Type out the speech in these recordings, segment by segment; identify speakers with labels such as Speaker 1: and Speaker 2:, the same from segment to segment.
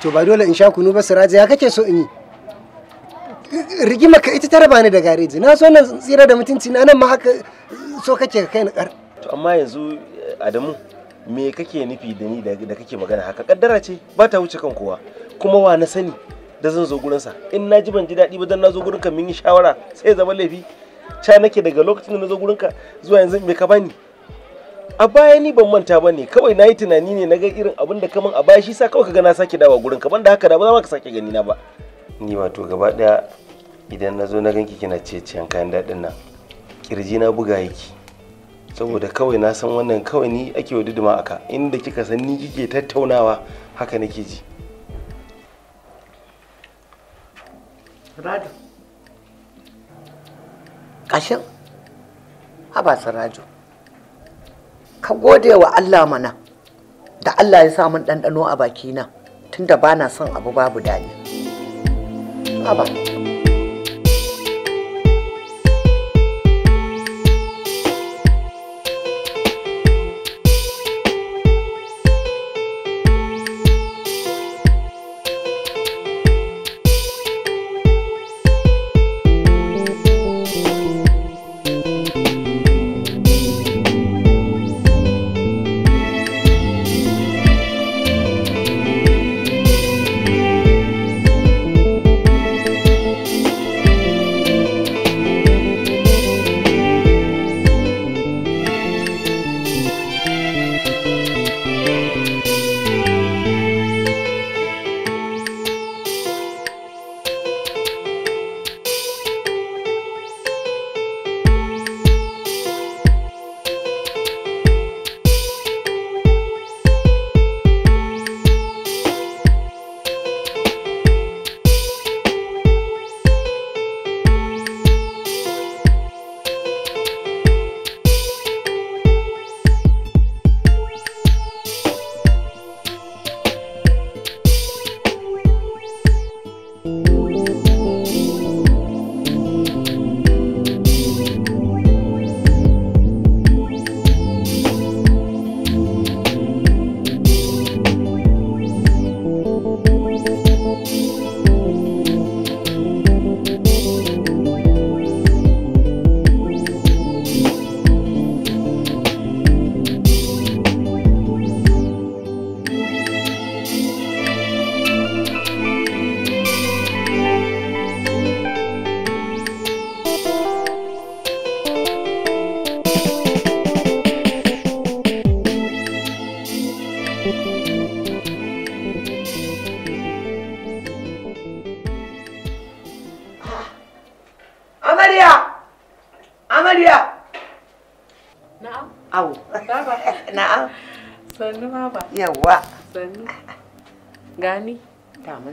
Speaker 1: to ba dole in sha kunu ba siraji ya kake so in yi rigima ka ita ta rabani da gareji na so nan tsira da mutunci na nan ma haka so kake kai na kar to amma yanzu Adamu me kake nufi da ni da kake magana haka kaddara ce ba ta wuce kan kowa kuma wa na sani da zan zo sa in na ji ban ji daɗi ba dan na zo ka mun yi shawara sai zama laifi ca nake daga lokacin da na zo ka zuwa yanzu me ka bani a baya ni ban manta ba ne kawai na yi tunani ne na ga irin abin da kaman a baya shi sa kawai kaga na sake dawa gurin ka ban da haka da ba za ka sake gani na ba ni wato gaba daya idan na zo na ganki kina ciye-ciyen kayan daɗin nan kirji na buga yake saboda kawai na san wannan kawai ni ake wa duduma aka inda kika san ni kike tattaunawa haka nake ji
Speaker 2: radu kashin haba radu ka gode wa Allah mana da Allah ya sa min ɗanɗano a bakina tunda ba na son abu babu daɗi. Aba.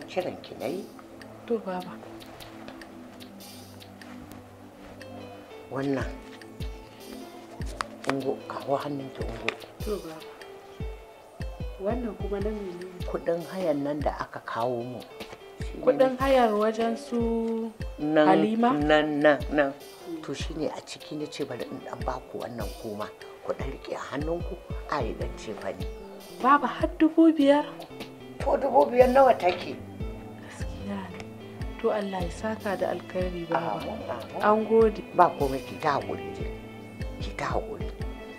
Speaker 2: kiran ki nayi baba wannan ungo kawo hannun ki ungo to baba wannan
Speaker 3: kuma na mene
Speaker 2: kudin hayan nan da aka kawo mu kudin
Speaker 3: hayar wajen su halima
Speaker 2: nan nan nan hmm. to shine a ciki ne ce bari in dan baku wannan kuma ku dan rike a hannunku a yi dan ce fani
Speaker 3: baba har dubu biyar
Speaker 2: to dubu biyar nawa take
Speaker 3: to Allah ya saka da alkhairi ba
Speaker 2: an gode ba komai ki ta hakuri ki ga hakuri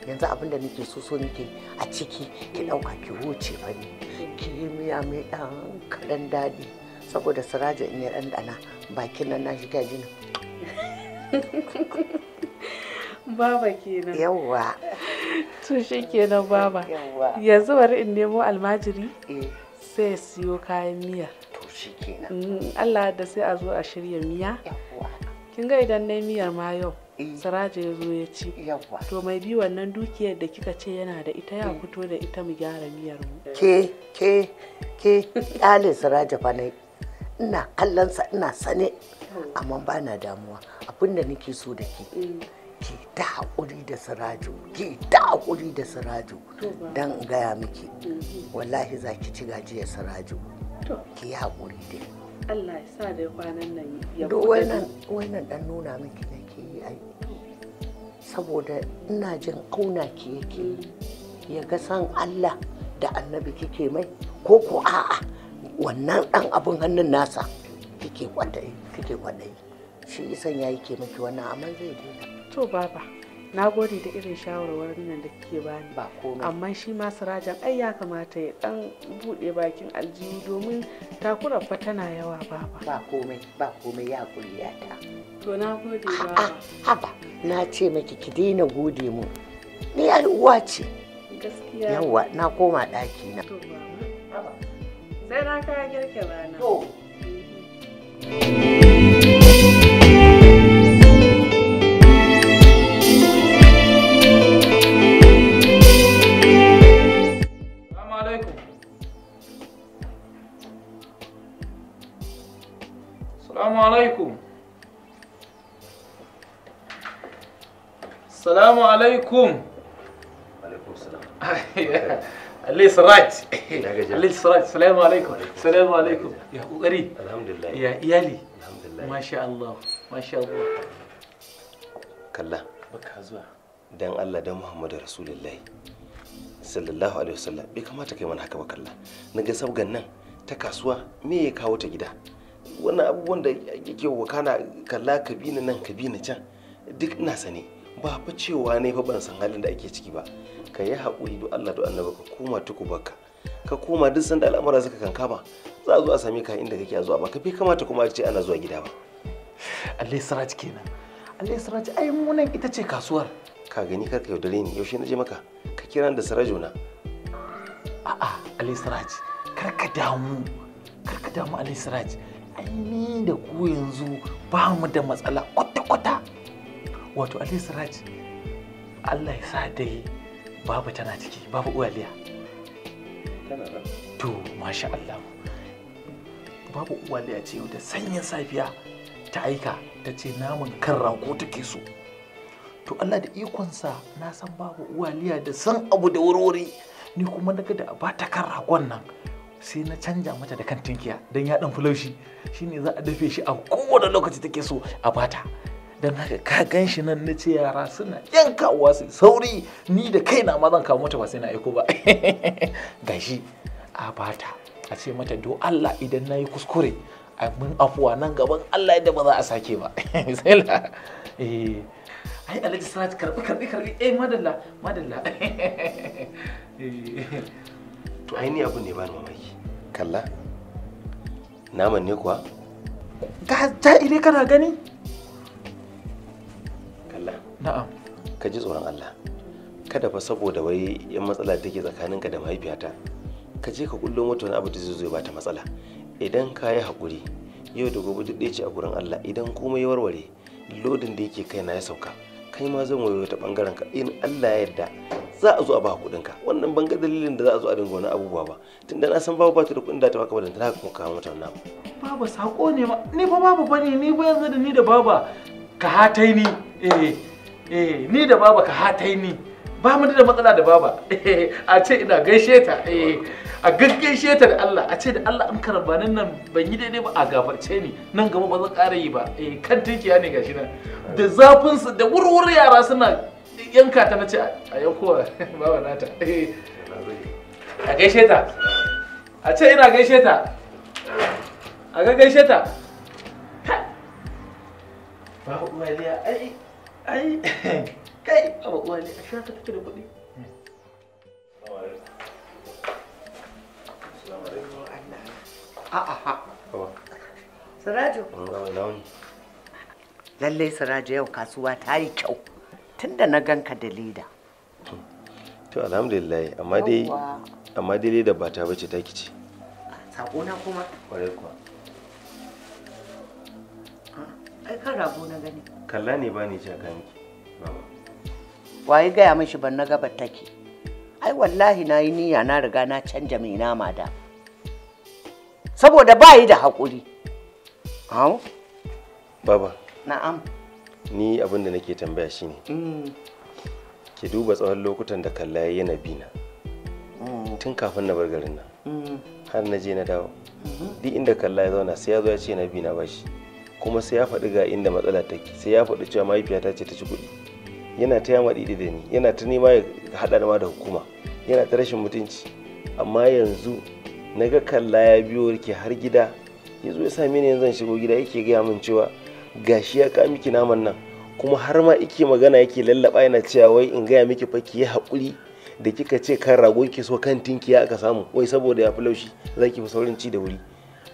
Speaker 2: yanzu abin da nake so so nake a ciki ki dauka ki huce ba ne ki yi miya mai dan kadan dadi saboda siraja in ya dandana bakin nan na shiga jini baba kenan yawwa to shikenan
Speaker 3: baba yanzu bari in nemo almajiri eh. sai siyo kayan miya Mm, Allah da sai a zo a shirya miya kin ga idan na miyar ma yau eh. Saraje ya zo ya ci to mai bi wannan dukiyar da kika ce yana da ita ya eh. fito da ita mu gyara miyar mu ke
Speaker 2: ke ke kyale Saraje fa ne ina kallon ina sane hmm. amma ba na damuwa abinda nake so da ke hmm. ki ta haƙuri da Siraju. ki ta haƙuri da Dan don gaya miki hmm. wallahi za ki ci gajiyar Siraju. ki yi haƙuri dai
Speaker 3: Allah ya sa kwanan nan ya wannan
Speaker 2: wannan dan nuna miki da ke yi ai saboda ina jin auna ki yake mm. ya ga san Allah da annabi kike mai ko ko a'a wannan dan abun hannun nasa kike kwadai kike kwadai shi isan yayi ke miki wannan amma zai daina
Speaker 3: to baba na gode da irin shawarwarin nan da kike bani ba komai amma shi ma sirajan ai ya kamata ya dan bude bakin aljihu domin takura
Speaker 2: fa tana yawa baba ba komai ba komai ya kuliya ta
Speaker 3: to na gode baba
Speaker 2: haba na ce maki ki daina gode mu ni al'uwa ce gaskiya yawa na koma daki na to baba sai na kaya girke rana to thank mm-hmm. you
Speaker 4: alaikum alaihi sirat alaihi sirat salamu alaikum salamu alaikum ya kokari ya iyali masha Allah masha Allah
Speaker 1: kalla baka zuwa dan Allah dan Muhammadu Rasulullahi sallallahu alaihi wasallam bai kamata kai mana haka ba kalla na ga sabgan nan ta kasuwa me ya kawo ta gida wannan abubuwan da yake wakana kalla kabina nan kabina can duk ina ba fa cewa ne fa ban san halin da ake ciki ba ka yi haƙuri duk Allah da annaba ka koma tuku baka ka koma duk sanda al'amura suka kankama za a zo a same ka inda kake a zuwa ba ka fi kamata kuma a ce ana zuwa gida ba Allah saraci kenan
Speaker 4: Allah saraci ai
Speaker 1: mu ita ce kasuwar ka gani kar ka yaudare ni yaushe na je maka ka kira da sarajo na
Speaker 4: a'a Allah saraci kar ka damu kar ka damu Allah saraci ai ni da ku yanzu ba mu da matsala kwata-kwata wato Ali raj Allah ya sa dai babu tana ciki babu uwaliya to masha Allah babu uwaliya ce da sanyin safiya ta aika ta ce namun kan rago take so to Allah da ikonsa na san babu uwaliya da san abu da warwari ni kuma ga da ba ta kan ragon nan sai na canja mata da kan tinkiya don ya dan fulaushi shine za a dafe shi a kowane lokaci take so a bata don haka ka gan shi nan na ce yara suna yankawa su sauri ni da kaina ma zan kawo mata ba sai na aiko ba gashi a bata a ce mata do Allah idan na yi kuskure a mun afuwa nan gaban Allah yadda ba za a sake ba sai la eh ai alhaji sanat karbi karbi karbi eh madalla madalla eh.
Speaker 1: to ai ni abu ne ba mamaki kalla naman ne kuwa
Speaker 4: ta ire kana gani
Speaker 1: na'am ka ji tsoron Allah kada fa saboda wai yan matsala take tsakaninka da mahaifiyata ka je ka kullo mata wani abu da zai zo ba ta matsala idan ka yi hakuri, yau da gobe duk ce a gurin Allah idan komai ya warware lodin da yake kai na ya sauka kai ma zan wayo ta bangaren ka in Allah ya yarda za a zo a ba kudin ka wannan ban ga dalilin da za a zo a dinga wani abubuwa ba tunda na san babu ba ta da kuɗin da ta baka ba da kuma kawo mata wannan abu
Speaker 4: baba sako ne ma ni fa babu bane ni ba yanzu da ni da baba ka hatai ni eh eh ni da baba ka hatai ni ba mu da matsala da baba eh, a ce ina gaishe ta eh, a gaggaishe ta da Allah a ce da Allah an karba nan ban yi daidai ba a gafarce ni nan gaba ba zan ƙara yi ba eh, kan tinkiya ne gashi nan da zafin su da wurwuri yara suna yanka ta nace a ko baba nata a gaishe ta a ce ina gaishe ta a gaggaishe ta babu uwa ai ai kai abu uwa ne a sha ta fita da kuɗi
Speaker 2: a'a sirajo lallai sirajo yau kasuwa ta yi kyau tunda na ganka da leda
Speaker 1: to alhamdulillah amma dai amma dai leda ba ta bace ta kici
Speaker 2: sako na kuma kwarai kuwa kan na
Speaker 1: kalla ne ba ni jaka
Speaker 2: waye gaya ban na gaba take ai wallahi na yi niyya na riga na canja mai nama da saboda ba yi da
Speaker 1: hakuri. hau baba na'am ni abin da nake tambaya shine mm. ki duba tsawon lokutan da kalla ya yana bina mm. tun kafin na bar garin nan mm. har na je na dawo mm-hmm. duk inda kalla ya zauna sai ya zo ya ce na bina ba shi kuma sai ya faɗi ga inda matsala take sai ya faɗi cewa mahaifiyata ce ta ci kuɗi yana ta yama ɗiɗi da ni yana ta nema ya haɗa ma da hukuma yana ta rashin mutunci amma yanzu na ga kalla ya biyo rike har gida ya ya sami ni yanzu zan shigo gida yake gaya min cewa gashi ya ka miki naman nan kuma har ma ike magana yake lallaba yana cewa wai in gaya miki fa ki yi haƙuri da kika ce kan rago ki so kan tinki ya aka samu wai saboda ya fi laushi za ki fi saurin ci da wuri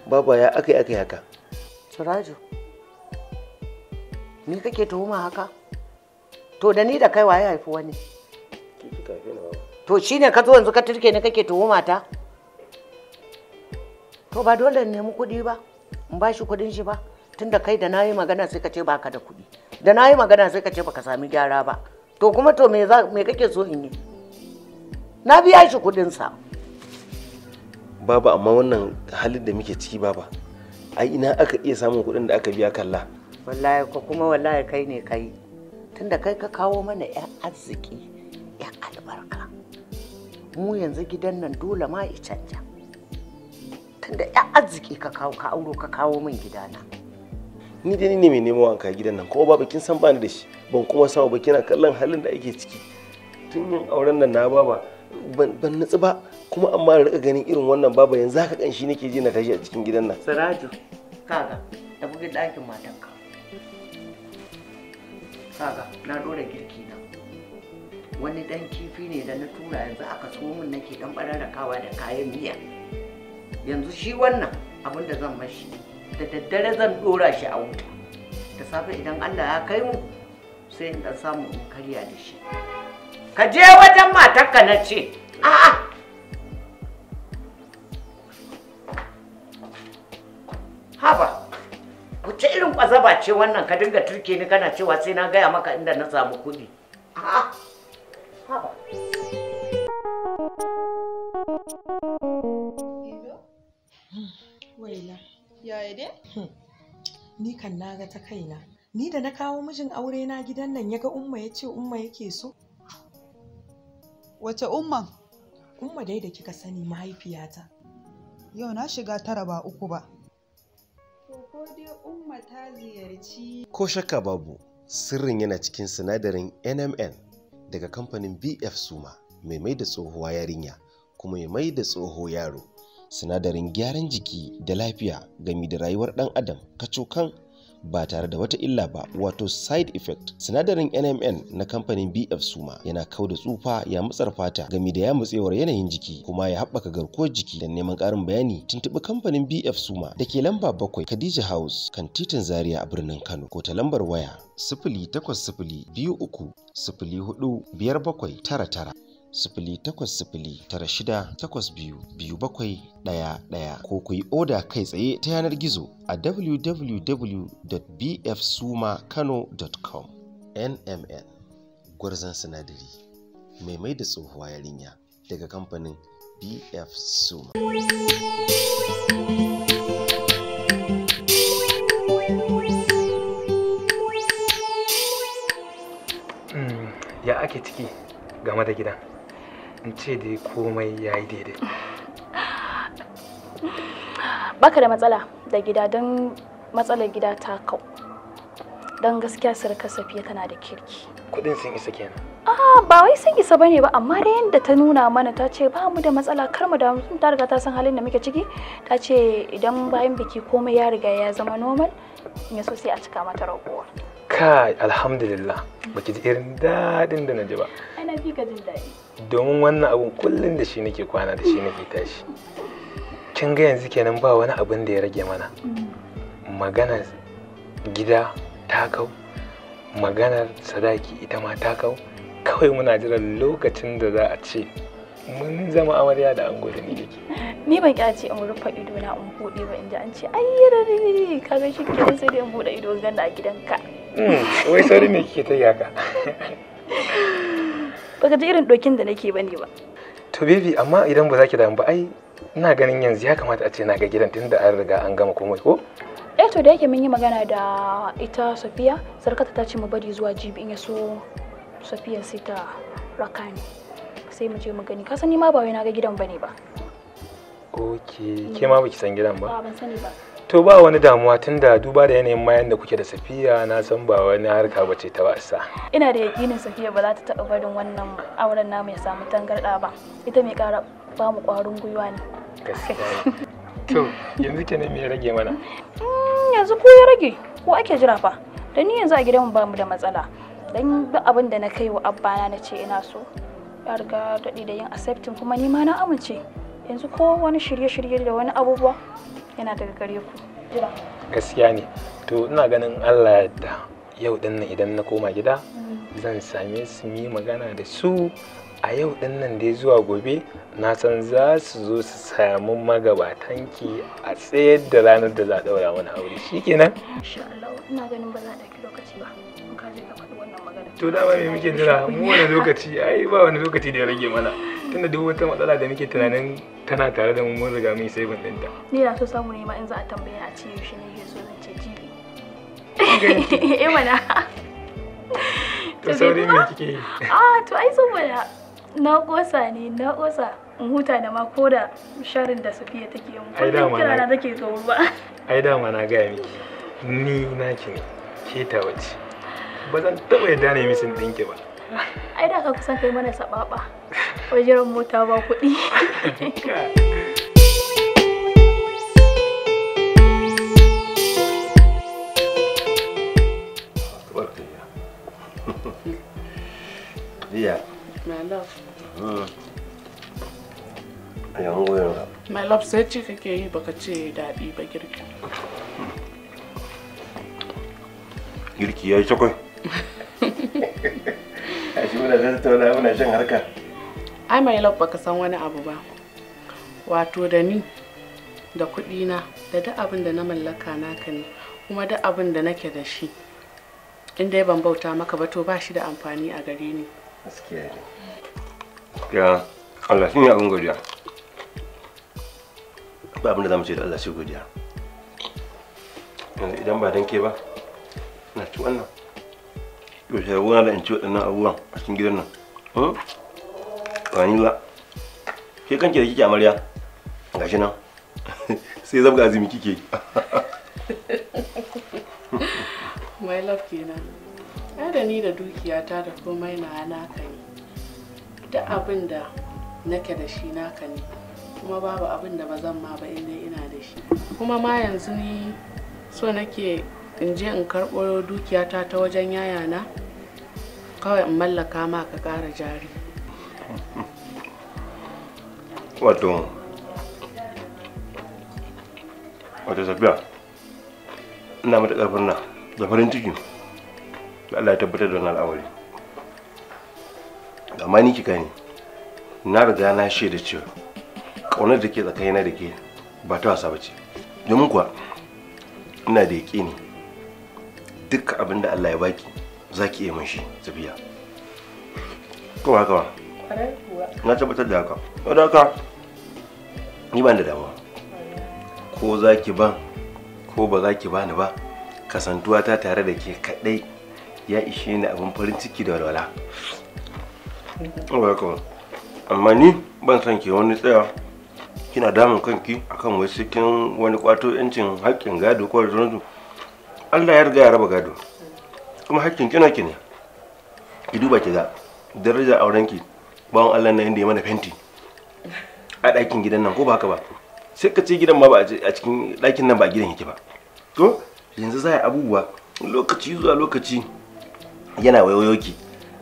Speaker 1: baba ya aka yi aka yi haka.
Speaker 2: Suraju, Ni kake tuhuma haka? To da ni da kai waye haifi wani? To shine ka zo yanzu ka turke ni kake tuhuma ta? To ba dole ne mu kuɗi ba, in ba shi kuɗin shi ba, tunda kai da nayi magana sai ka ce baka da kuɗi. Da nayi magana sai ka ce baka sami gyara ba. To kuma to me za me kake so in yi? Na biya shi kuɗin sa.
Speaker 1: Baba amma wannan halin da muke ciki baba. Ai ina aka iya samun kuɗin da aka biya kalla.
Speaker 2: wallahi ko kuma wallahi kai ne kai tunda kai ka kawo mana 'yan arziki 'yan albarka mu yanzu gidan nan dole ma i canja tunda 'yan arziki ka kawo ka auro ka kawo min gidana
Speaker 1: ni dai ni ne mai nemo wanka gidan nan ko ba kin san bani da shi ban kuma samu ba kina kallon halin da ake ciki tun yin auren nan na baba ban nutsu ba kuma amma rika ganin irin wannan baba yanzu haka kanshi nake ji na tashi a cikin gidan nan
Speaker 2: saraju kaga tafi ɗakin matanka kaga na dora girki na wani dan kifi ne da na tura yanzu aka so min nake dan bararrakawa da kayan miya yanzu shi wannan abin da zan mashi da daddare zan dora shi a wuta da safe idan Allah ya kai mu sai in dan samu in karya da shi ka je wajen matarka na ce a'a haba wace irin kwazaba ce wannan ka dinga turke ni kana cewa sai na gaya maka inda na samu kuɗi hmm.
Speaker 3: Ni kan naga ta kaina. Ni da na kawo mijin aure na gidan nan ya ga umma ya ce umma yake so. Wace umman? Umma dai da kika sani mahaifiyata.
Speaker 5: Yau na shiga tara ba uku ba.
Speaker 1: ko shakka babu sirrin yana cikin sinadarin nmn daga kamfanin bf suma mai mai da tsohuwa yarinya kuma mai mai da tsoho yaro sinadarin gyaran jiki da lafiya gami da rayuwar ɗan adam kacokan ba tare da wata illa ba wato side effect sinadarin NMN na kamfanin BF Suma yana kau da tsufa ya matsar fata gami da ya mutsewar yanayin jiki kuma ya haɓaka garkuwar jiki da neman ƙarin bayani tuntuɓi kamfanin BF Suma da ke lamba bakwai Khadija House kan titin Zaria a birnin Kano ko ta lambar waya sifili takwas sifili biyu uku sifili hudu biyar bakwai tara tara sifili takwas sifili tara shida takwas biyu biyu bakwai ɗaya ɗaya ko kuyi oda kai tsaye ta yanar gizo a www.bfsumakano.com nmn gwarzon sinadari mai mai da tsohuwa yarinya daga kamfanin bf suma
Speaker 6: hmm, ya ake ciki game da gidan in ce da komai ya yi daidai
Speaker 5: baka da matsala da gida don matsalar gida ta kau don gaskiya sarka safiya tana da kirki
Speaker 6: kudin sun isa kenan
Speaker 5: ah ba wai sun isa bane ba amma da yadda ta nuna mana ta ce ba mu da matsala kar mu da mutum ta riga ta san halin da muke ciki ta ce idan bayan biki komai ya riga ya zama normal in so sai a cika mata ragowa
Speaker 6: kai alhamdulillah baki ji irin daɗin da na ji ba
Speaker 5: ana ji ka jin dadi
Speaker 6: domin wannan abun kullum da shi nake kwana da shi nake tashi kin ga yanzu kenan ba wani abin da ya rage mana magana gida ta kau maganar sadaki ita ma ta kau kawai muna jiran lokacin da za a ce mun zama amarya da an gode ni
Speaker 5: ni ban kya ce in rufe ido na in bude ba inda an ce ayyarari ka ga shi ke sai da in bude ido gana a gidanka
Speaker 6: hmm, wai sauri ne kike ta yaka
Speaker 5: baka ji irin dokin da nake bane ba
Speaker 6: to baby amma idan ba za ki damu ba ai ina ganin yanzu ya kamata a ce na ga gidan tunda an riga an gama komai ko
Speaker 5: eh to da yake mun yi magana da ita Safiya sarkata ta ce mu bari zuwa jibi in ya so sai ta raka ni sai mu je mu gani ka sani ma ba wai na ga gidan bane ba
Speaker 6: okay ke mm. ma san gidan ba to ba wani damuwa da duba da yanayin mayan da kuke da safiya na san ba wani harka ba ta wasa
Speaker 5: ina da yakinin safiya ba za ta taɓa barin wannan auren namu ya samu tangarɗa ba ita mai ƙara ba mu ƙwarin gwiwa ne
Speaker 6: to yanzu kenan me ya rage mana
Speaker 5: mm, yanzu ko ya rage ko ake jira fa dan ni yanzu a gidanmu ba mu da matsala dan duk abin da na kai wa abbana na ce ina so ya riga daɗi da yin accepting kuma ni ma na amince yanzu ko wani shirye-shirye da wani abubuwa yana daga gare ku
Speaker 6: gaskiya ne to ina ganin allah yadda yau dinnan idan na koma gida mm. zan same su mi magana da su a yau din nan dai zuwa gobe na san za su zo su samu magabatanki a tsayar da ranar da za a daura mana aure nan?
Speaker 5: insha Allah ina ganin ba za a dauki lokaci ba in ka je ka faɗi wannan magana to da mai me muke jira mu wani lokaci
Speaker 6: ai ba wani lokaci da ya rage mana tunda duk wata matsala da muke tunanin tana tare da mu mun riga mun sai ban dinta
Speaker 5: ni na so samu ne ma in za a tambaye a ce shi ne ke so zan ce jibi eh mana to saurayi me
Speaker 6: kike ah
Speaker 5: to ai saboda na kosa ne na kosa in huta da ma ko da sharin da Safiya take yi ai da mana na take tsoro ba
Speaker 6: ai da mana ga miki ni na ki ke ta wace ba zan taba yadda ne misin dinki ba
Speaker 5: ai da ka kusan kai mana sababa wajen mota ba kuɗi
Speaker 1: Yeah. My love. A ah. yan goyon
Speaker 3: My love sai ci kake yi baka ce daɗi ba girki.
Speaker 1: Girki ya yi cakwai. A shi muna tattauna muna shan harka.
Speaker 3: Ai my love baka san wani abu ba. Wato da ni da kuɗina da duk abin da na mallaka naka ne kuma duk abin da nake da shi. In dai ban bauta maka ba to ba shi da amfani a gare ni. gaskiya ne
Speaker 1: ya Allah shi ne ba abin da za mu ce da Allah shi godiya in ci waɗannan a cikin gidan nan hmm? ke kanki da kike amarya gashi nan sai zabga azumi kike
Speaker 3: my love kenan da ni da dukiyata da komai na naka ne duk abin da nake da shi naka ne kuma babu abin da ba zan ma ba inda ina da shi kuma ma yanzu ni so nake in je in karɓo dukiyata ta wajen yayana kawai in mallaka ma ka ƙara jari
Speaker 1: wato wato ina mata ƙarfin da farin ciki Allah ya tabbatar da wannan al'amari amma ni ki gani na riga na shaida cewa ƙaunar da ke tsakanina da ke ba ta wasa bace. ce domin kuwa ina da yaƙini duk abin da Allah ya baki za ki iya mun shi tafiya ko haka ba na tabbatar da haka da haka ni ban da damuwa ko za ki ban ko ba za ki bani ba kasantuwa ta tare da ke kaɗai ya ishe ni abin farin ciki da walwala Allah amma ni ban son ke wani tsaya kina damun kanki akan wai cikin wani kwato yancin haƙƙin gado ko da Allah ya riga ya raba gado kuma haƙƙin kina ki ne ki duba ki ga daraja aurenki bawan Allah na inda ya mana fenti a ɗakin gidan nan ko ba haka ba sai ka ce gidan ma ba a cikin ɗakin nan ba gidan yake ba to yanzu za a abubuwa lokaci zuwa lokaci yana wayoyoki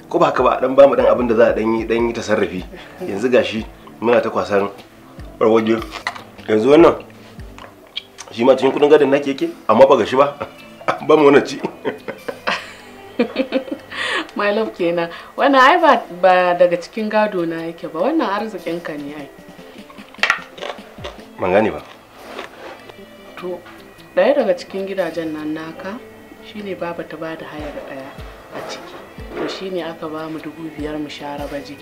Speaker 1: ko ba haka ba dan bamu dan abin da za a dan yi dan yi tasarrufi yanzu gashi muna ta kwasan barwaje yanzu wannan shi ma cikin kudin gadin nake yake amma ba gashi ba ba mu wannan ci
Speaker 3: my love kenan wannan ai ba ba daga cikin gado na yake ba wannan arzikin ka ne ai ban gane ba to daya daga cikin gidajen nan naka shine baba ta bada hayar daya a ciki to shine aka ba mu dubu biyar mu share baje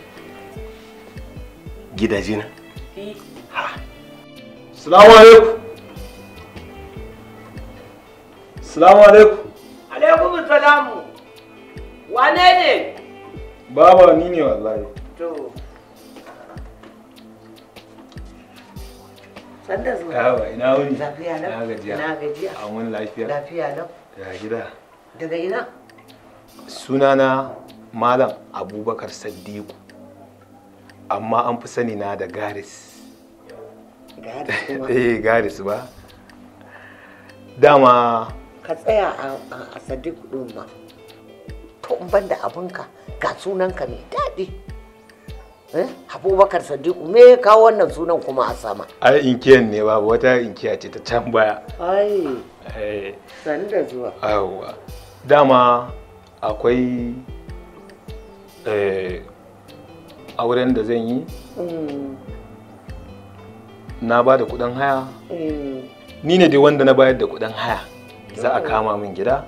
Speaker 1: gidaje na
Speaker 4: eh. ha
Speaker 1: salamu alaikum salamu alaikum
Speaker 4: alaikum salamu wane ne
Speaker 6: baba ni ne wallahi to sanda ina wuni lafiya lau na gajiya na gajiya an wani lafiya lafiya lau daga gida daga ina sunana malam abubakar Sadiku, amma an fi sani na da garis eh garis ba dama
Speaker 2: ka tsaya a sadiku ɗin ma to ban da abinka ga sunanka mai daɗi eh, abubakar sadiku me ya kawo wannan sunan kuma a sama
Speaker 6: ai inkiyan ne babu wata inkiya ce ta can baya
Speaker 2: ai eh. sani da zuwa
Speaker 6: dama akwai eh, auren da zan yi mm. na ba da kudin haya mm. ni ne dai wanda na bayar da kudin haya za a mm. kama min gida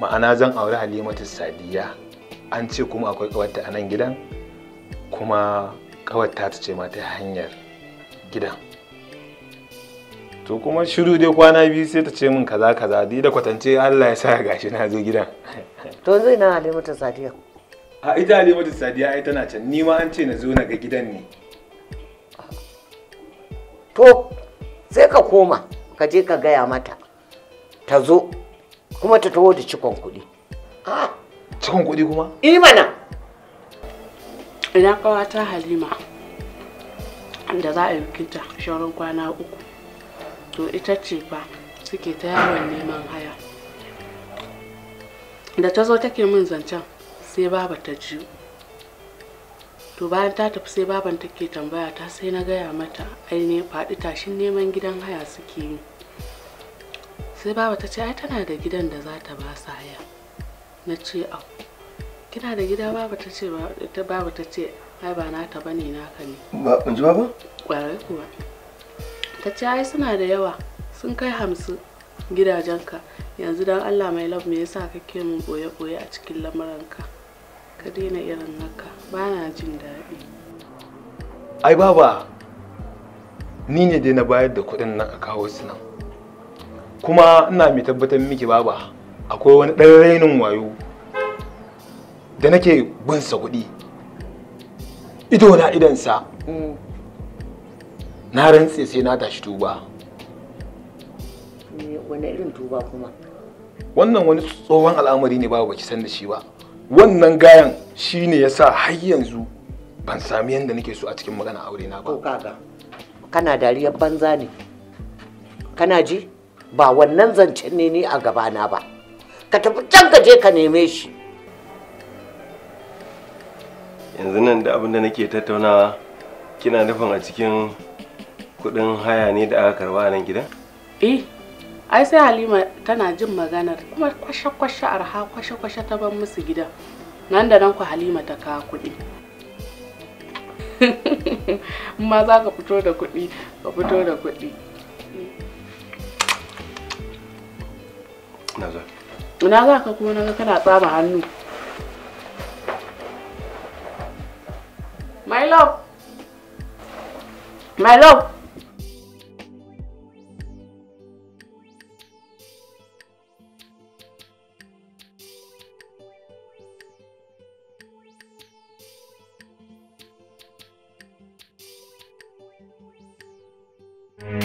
Speaker 6: ma'ana zan auri halimatu sadiya an ce kuma akwai kawarta a nan gidan kuma kawarta ta ce ma ta hanyar gidan to kuma shiru dai kwana biyu sai ta ce min kaza kaza dai da kwatance Allah ya sa gashi na zo gidan to zai na halimatu sadiya a ita halimatu sadiya ai tana can ni ma an ce na zo na ga gidan ne
Speaker 2: to sai ka koma ka je ka gaya mata ta zo kuma ta taho da cikon kuɗi
Speaker 6: cikon kuɗi kuma
Speaker 2: imana idan kawata halima
Speaker 3: da za a yi bikinta shawarar kwana uku to ita ce fa suke ta yawon neman haya da ta zo take min zancen sai baba ta ji to bayan ta tafi sai baban take tambaya ta sai na gaya mata ne faɗi tashin neman gidan haya suke yi sai baba ta ce ai tana da gidan da za ta ba sa haya na ce au kina da gida baba ta ce baba ta ce ai ba nata bane naka ne
Speaker 1: ba in ji baba kwarai kuwa
Speaker 3: ta ce ai suna da yawa sun kai hamsin gidajenka yanzu don allah mai love me yasa kake mun boye-boye a cikin lamuranka ka daina irin naka ba jin daɗi
Speaker 6: ai baba ni ne dai na bayar da kuɗin nan a kawo su nan kuma ina mai tabbatar miki baba akwai wani ɗan rainin wayo da nake binsa kuɗi ido na idansa mm. na rantse sai na tashi tuba wannan wani tsohon al'amari ne ba baki san da shi ba wannan gayan shine yasa har yanzu ban sami yanda nake so a cikin magana aure na ba ko kaga
Speaker 2: kana dariyar banza ne kana ji ba wannan zancen ne ni a gaba na ba ka tafi can ka je ka neme shi
Speaker 1: yanzu nan da abin da nake tattaunawa kina nufin a cikin kudin haya ne da aka karba a nan gidan eh
Speaker 3: ai sai halima tana jin maganar kuma kwashe-kwashe arha kwashe-kwashe ta ban musu gida nan da nan ku halima ta kawo kuɗi ma za ka fito da kuɗi ka fito da kuɗi ina za ka kuma naga kana tsama hannu my love
Speaker 2: my love ba eh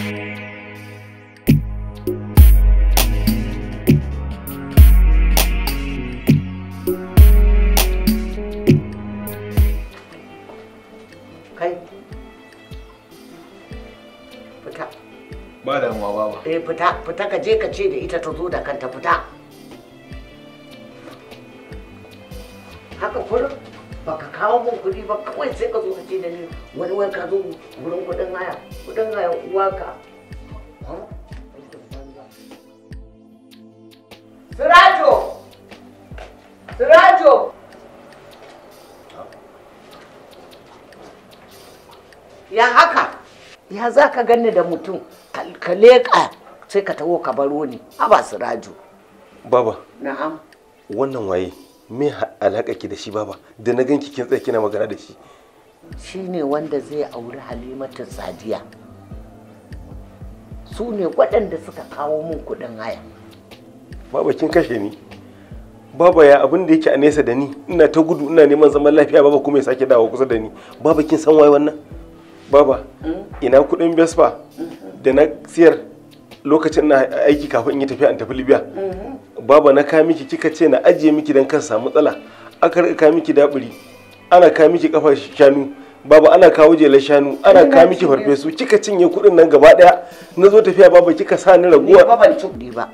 Speaker 2: fita fita ka je ka ce ita ta zo da kanta kawo mun ba kawai sai ka zo ka ce da ni wani wai ka zo gurin kuɗin haya waka Sirajo! Sirajo! Ya haka? Ya za ka da mutum, ka leƙa sai ka taho ka baro ni, haba Sirajo. Baba. Na'am.
Speaker 1: Wannan waye, me alaƙa ki da shi baba, da na ganki kin tsaye kina magana da shi.
Speaker 2: shine wanda zai auri halimatu sadiya su ne waɗanda suka kawo min kuɗin haya
Speaker 1: baba kin kashe ni baba ya abin da yake a nesa da ni ina ta gudu ina neman zaman lafiya baba kuma ya sake dawo kusa da ni baba kin san waye wannan baba hmm? ina kuɗin vespa hmm. da na siyar lokacin na aiki kafin in yi tafiya an tafi libya hmm. baba na ka miki kika ce na ajiye miki don kan samu matsala aka rika miki daburi ana kawo miki kafar shanu baba ana kawo jelar shanu ana kawo miki farfesu kika cinye kuɗin nan gaba daya na zo tafiya baba kika sa ni raguwa ba ban ci ba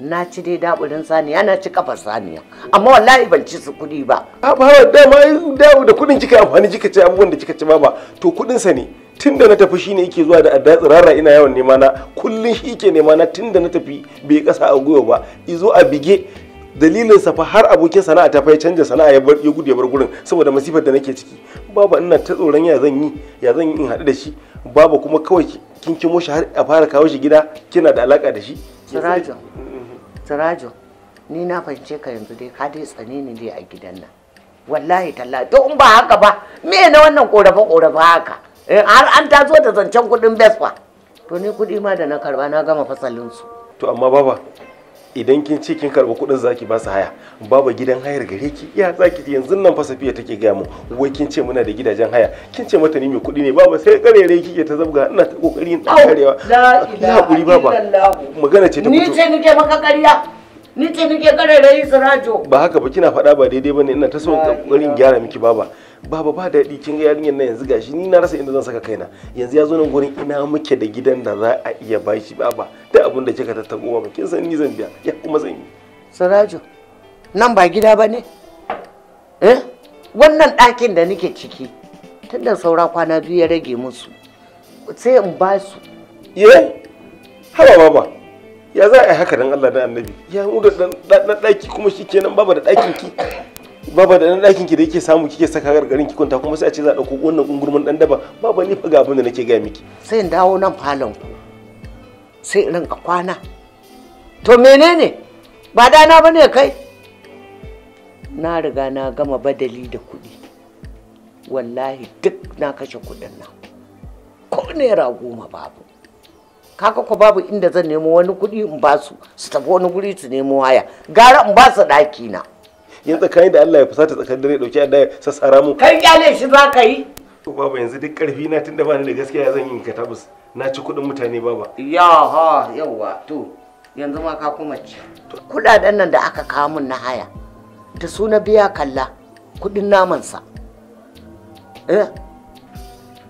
Speaker 2: na ci dai daburin saniya na ci kafa saniya amma wallahi ban
Speaker 1: ci su kuɗi ba a ba dama dawo da kuɗin kika amfani kika ci abubuwan da kika ci baba to kudin sa ne tun da na tafi shine yake zuwa da adda tsirara ina yawan nema na kullun shi yake nema na tun da na tafi bai kasa a gwiwa ba izo a bige dalilin sa fa har abokin sana'a ta fai canja sana'a ya bar ya gudu ya bar gurin saboda masifar da nake ciki babu ina ta tsoron ya zan yi ya zan yi in haɗu da shi babu kuma kawai kin kimo shi har a fara kawo shi gida kina da alaka da shi
Speaker 2: sirajo ni na fahimce ka yanzu dai ka dai tsane ni dai a gidan nan wallahi talla to in ba haka ba me na wannan korafa korafa haka
Speaker 1: eh, har an tazo da zancen kuɗin besfa
Speaker 2: to ni kuɗi ma da na karba na gama fasalin su
Speaker 1: to amma baba idan kin ce kin karɓi kuɗin zaki ba su haya babu gidan hayar gare ki ya zaki ji yanzu nan fa safiya take gaya mu wai kin ce muna da gidajen haya kin ce mata ni mai kuɗi ne baba sai karere kike ta zabga ina ta kokari in ta karewa la ilaha baba magana ce ta ni ce
Speaker 2: nike maka ƙarya ni ce nike karere sarajo
Speaker 1: ba haka ba kina faɗa ba daidai bane ina ta so kokarin gyara miki baba baba ba daɗi kin ga yarinyar nan yanzu gashi ni na rasa inda zan saka kaina yanzu ya zo nan gurin ina muke da gidan da za a iya bashi baba da abin da kika tattago ba kin san ni zan biya ya kuma zan yi
Speaker 2: Saraju nan ba gida ba ne eh wannan ɗakin da nake ciki tunda saura kwana biyu ya
Speaker 1: rage musu sai in ba su ye haba baba ya za a yi haka dan Allah da annabi ya mu da ɗaki kuma shikenan baba da ɗakin ki baba da ɗakin ki da yake samu kike saka gargarin ki kwanta kuma sai a ce za a ɗauko wannan ungurmin ɗan daba baba ni fa ga abin da nake ga miki
Speaker 2: sai in dawo nan falon ku sai in rinka kwana to menene ba dana bane kai na riga na gama badali da kuɗi wallahi duk na kashe kuɗin nan ko naira goma babu kaka ko babu inda zan nemo wani kuɗi in basu su tafi wani guri su nemo waya. gara in basu ɗaki na yin tsakanin
Speaker 1: da Allah ya fusata tsakanin dare dauki Allah ya sassara mu kai kyale shi za ka yi to baba yanzu duk karfi na tunda bani da gaskiya zan yi katabus na ci kuɗin mutane baba ya ha yawa to yanzu ma ka kuma ci
Speaker 2: kuɗaɗen nan da aka kawo min na haya da suna biya kalla kuɗin sa eh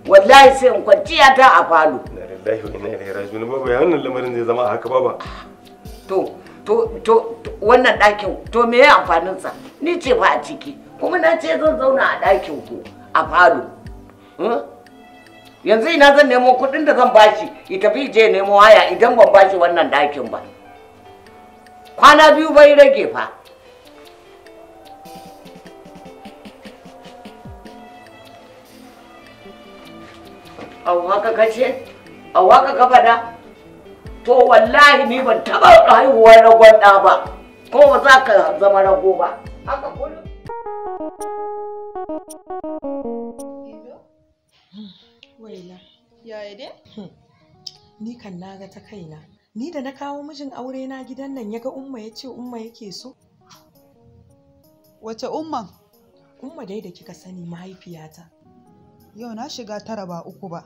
Speaker 2: wallahi sai in kwanciya ta a falo. Na
Speaker 1: lillahi wa inna ilaihi raji'un baba ya wannan lamarin zai zama haka baba.
Speaker 2: To to to wannan ɗakin to me amfanin sa ni ce fa a ciki kuma na ce zan zauna a ɗakin ku a falo hmm? yanzu ina zan nemo kuɗin da zan bashi ya tafi je nemo haya idan ban bashi wannan ɗakin ba kwana biyu bai rage fa au kace ka to wallahi ni ban taɓa haihuwar ragon ɗa ba ko ba za ka zama rago ba haka kullum
Speaker 5: yaya dai ni kan naga ta kaina
Speaker 3: ni da na kawo mijin aure na gidan nan ya ga umma ya ce umma yake so wace umman umma dai da kika sani mahaifiyata yau na shiga tara ba
Speaker 1: uku ba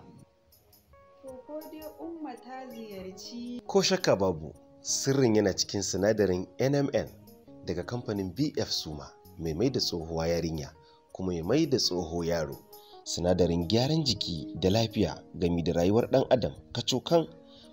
Speaker 1: ko dai umma ta ziyarci ko shakka babu sirrin yana cikin sinadarin nmn daga kamfanin bf suma mai mai da tsohuwa yarinya kuma mai mai da tsoho yaro sinadarin gyaran jiki da lafiya gami da rayuwar ɗan adam kacokan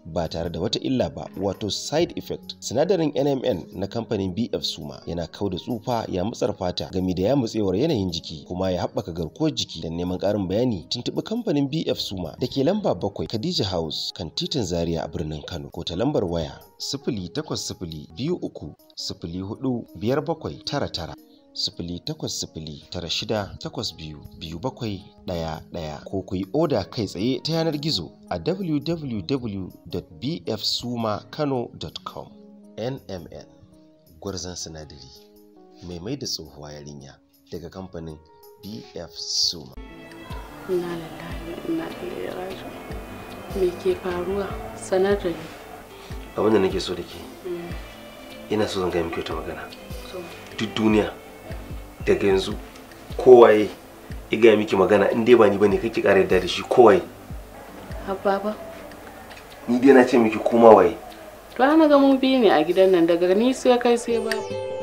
Speaker 1: ba tare da wata illa ba wato side effect sinadarin NMN na kamfanin BF Suma yana kau da tsufa ya matsar fata gami da ya mutsewar yanayin jiki kuma ya haɓaka garkuwar jiki da neman ƙarin bayani tuntuɓi kamfanin BF Suma da ke lamba bakwai Khadija House kan titin Zaria a birnin Kano ko ta lambar waya sifili takwas sifili biyu uku sifili hudu biyar bakwai tara tara sifili takwas sifili tara shida takwas biyu biyu bakwai ɗaya ɗaya ko ku yi oda kai tsaye ta yanar gizo a www.bfsumakano.com nmn gwarzon sinadari mai mai da tsohuwa yarinya daga kamfanin bf suma
Speaker 3: na lallahi me ke faruwa sanar da ni
Speaker 1: abin da nake so da ke mm. ina so zan gaya miki ta magana duk duniya daga yanzu kowaye iga miki magana in dai ba ni bane kake kare da shi kowaye abba ba ni dai na ce miki kuma waye
Speaker 3: to ana ga mu biyu ne a gidan nan daga ni sai kai sai babu